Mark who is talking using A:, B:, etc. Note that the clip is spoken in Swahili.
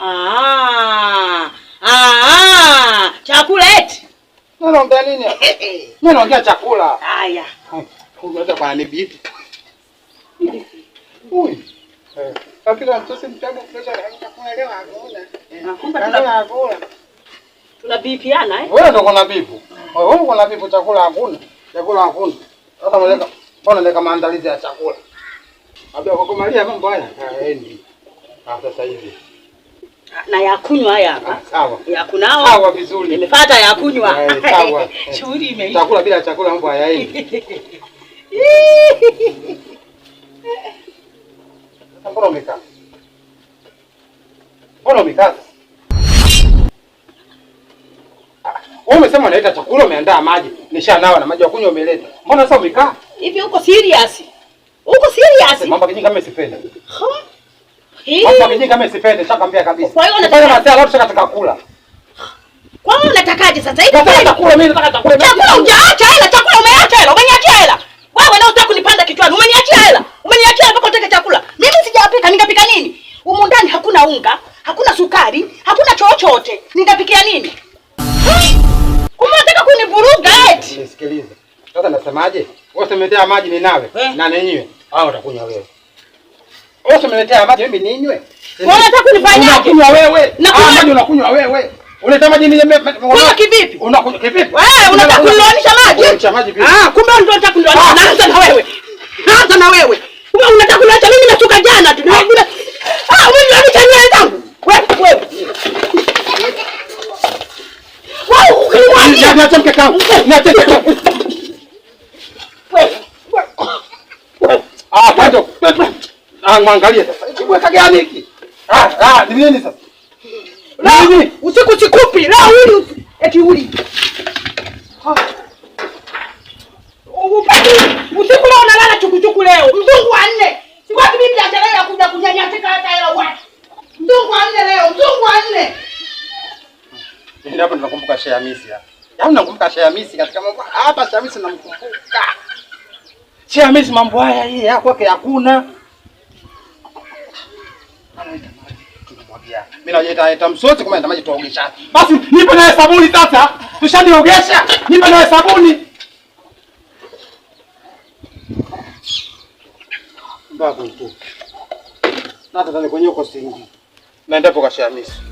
A: Ah, ah, chakula eti.
B: Mimi naongea nini? Mimi naongea chakula. Haya. Unaweza kwa ni bibi. Ui. Eh. Akila mtoto mtaga kuweza kuna leo hakuna. Na ah, kumbe kuna
A: Tuna bipiana eh?
B: Wewe ndio kuna bipu. Wewe uko na bipu chakula hakuna. Chakula hakuna. Sasa mweleka mbona leka maandalizi ya chakula? Abia kwa kumalia mambo haya. Ah, ah sasa hivi
A: na ya kunywa haya
B: hapa. Eh, sawa.
A: Ya kunao.
B: Sawa vizuri.
A: Nimepata ya kunywa.
B: Eh, sawa.
A: Shughuli imeisha.
B: Chakula bila chakula mambo hayaendi. Sasa mbona umekaa? Mbona umekaa? Wewe umesema unaleta chakula, umeandaa maji. Nishanawa na maji ya kunywa umeleta. Mbona sasa umekaa?
A: Hivi uko serious? Uko serious? Eh,
B: mambo kama sipendi. Huh? Sasa mimi kama sipende nishakwambia kabisa. Kwa hiyo unataka masaa alafu shaka tukakula.
A: Kwa hiyo unatakaje sasa hivi?
B: Nataka chakula mimi nataka chakula.
A: Chakula hujaacha hela, chakula umeacha hela, umeniachia hela. Wewe leo unataka kunipanda kichwani, umeniachia hela. Umeniachia hela mpaka utake chakula. Mimi sijapika, ningapika nini? Humu ndani hakuna unga, hakuna sukari, hakuna chochote. Ningapikia nini? Unataka kunivuruga eti. Eh? Nisikilize.
B: Sasa nasemaje? Wewe usemezea maji ninawe eh? na niniwe. Hao utakunywa wewe. Wewe umeniletea maji mimi ninywe.
A: Unataka kunifanyaje?
B: Unakunywa wewe. Ah, maji unakunywa wewe. Eh, unataka maji mimi unakunywa kivipi? Unakunywa kivipi?
A: Wewe unataka kuniloanisha maji?
B: Kuniloanisha maji vipi?
A: Ah, kumbe ndio unataka kuniloanisha. Ah. Naanza na wewe. Naanza na wewe. Kumbe unataka kuniacha mimi natoka jana tu. Nimekuja. Ah, umeniloanisha nywele zangu. Wewe wewe. Wao, ukiniwani.
B: Niache mke wangu. Niache mke wangu. Ah, mwangalie sasa. Kiweka gani hiki? Ah, ah, ni nini sasa?
A: La, usiku chikupi. La, uli eti uli. Ah. Upati usiku leo unalala chukuchuku leo. Mzungu wa nne. Sikwati mimi biashara ya kuja kunyanyasika hata hela watu. Mzungu wa nne leo, mzungu wa nne.
B: Ndio hapo tunakumbuka Sheikh Hamisi hapa. Yaani nakumbuka Sheikh Hamisi katika mambo hapa Sheikh Hamisi namkumbuka. Sheikh Hamisi mambo haya yeye yako yake hakuna analeta maji tunamwagia. Mimi naje maji tuogesha. Basi nipe naye sabuni sasa. Tushaniogesha. Nipe naye sabuni. Babu tu. Nata tani kwenye singi. Naenda kashamisi.